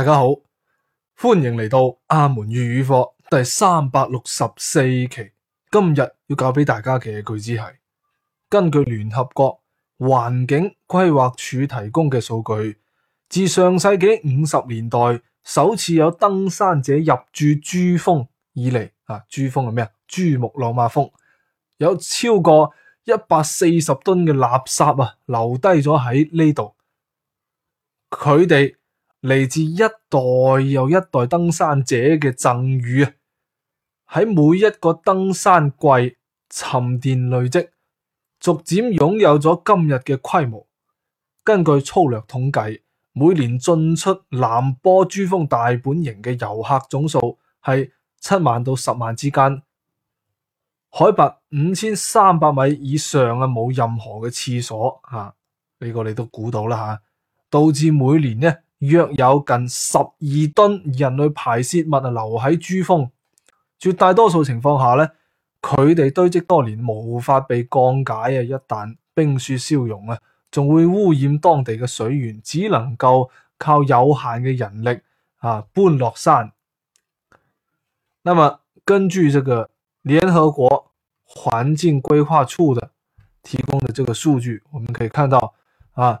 大家好，歡迎嚟到阿門粵語課第三百六十四期。今日要教俾大家嘅句子係：根據聯合國環境規劃署提供嘅數據，自上世紀五十年代首次有登山者入駐珠峰以嚟，啊，珠峰係咩啊？珠穆朗瑪峰有超過一百四十噸嘅垃圾啊，留低咗喺呢度。佢哋。嚟自一代又一代登山者嘅贈予啊，喺每一個登山季沉澱累積，逐漸擁有咗今日嘅規模。根據粗略統計，每年進出南坡珠峰大本營嘅遊客總數係七萬到十萬之間。海拔五千三百米以上啊，冇任何嘅廁所吓，呢、啊這個你都估到啦吓、啊，導致每年呢。約有近十二噸人類排泄物啊留喺珠峰，絕大多數情況下呢，佢哋堆積多年，無法被降解啊！一旦冰雪消融啊，仲會污染當地嘅水源，只能夠靠有限嘅人力啊搬落山。那麼根據這個聯合國環境規劃署的提供的這個數據，我們可以看到啊。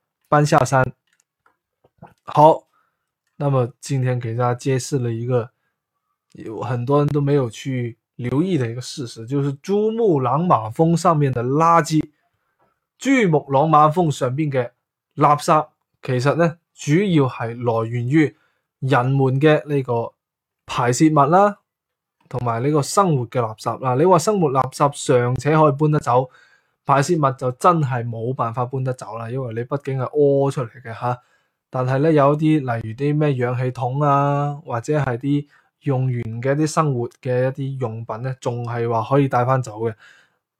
搬下山，好。那麼今天給大家揭示了一個，有很多人都沒有去留意的一個事實，就是珠穆朗瑪峰上面的垃圾，珠穆朗瑪峰上面嘅垃圾，其實呢，主要係來源於人們嘅呢個排泄物啦，同埋呢個生活嘅垃圾。嗱，啊，你話生活垃圾尚且可以搬得走。排泄物就真係冇辦法搬得走啦，因為你畢竟係屙出嚟嘅吓。但係咧有一啲例如啲咩氧氣筒啊，或者係啲用完嘅一啲生活嘅一啲用品咧，仲係話可以帶翻走嘅。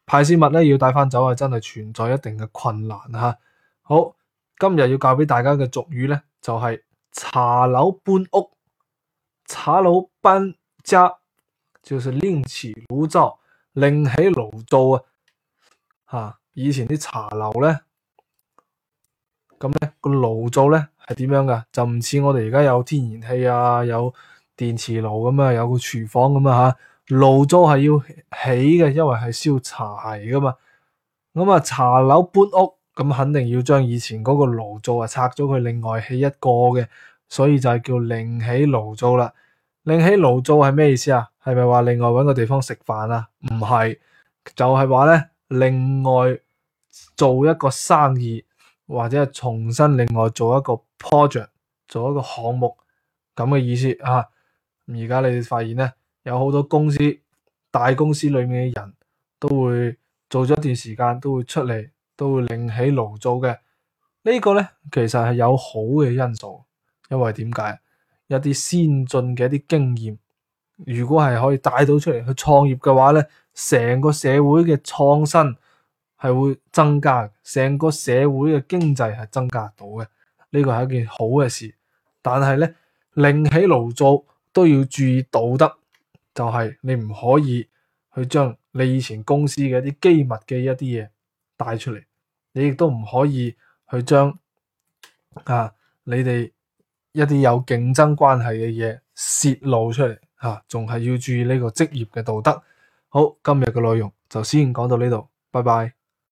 排泄物咧要帶翻走係真係存在一定嘅困難吓。好，今日要教俾大家嘅俗語咧就係、是、茶樓搬屋，茶樓搬家，就是另起爐灶，另起爐灶啊。吓，以前啲茶樓咧，咁咧個爐灶咧係點樣噶？就唔似我哋而家有天然氣啊，有電磁爐咁啊，有個廚房咁啊吓。爐灶係要起嘅，因為係燒柴噶嘛。咁啊，茶樓搬屋，咁肯定要將以前嗰個爐灶啊拆咗佢，另外起一個嘅。所以就係叫另起爐灶啦。另起爐灶係咩意思啊？係咪話另外搵個地方食飯啊？唔係，就係話咧。另外做一個生意，或者係重新另外做一個 project，做一個項目咁嘅意思啊。而家你哋發現咧，有好多公司、大公司裏面嘅人都會做咗一段時間，都會出嚟，都會另起爐灶嘅。這個、呢個咧其實係有好嘅因素，因為點解？一啲先進嘅一啲經驗，如果係可以帶到出嚟去創業嘅話咧。成個社會嘅創新係會增加，成個社會嘅經濟係增加到嘅，呢個係一件好嘅事。但係咧，另起爐灶都要注意道德，就係、是、你唔可以去將你以前公司嘅一啲機密嘅一啲嘢帶出嚟，你亦都唔可以去將啊你哋一啲有競爭關係嘅嘢泄露出嚟，吓、啊，仲係要注意呢個職業嘅道德。好，今日嘅內容就先講到呢度，拜拜。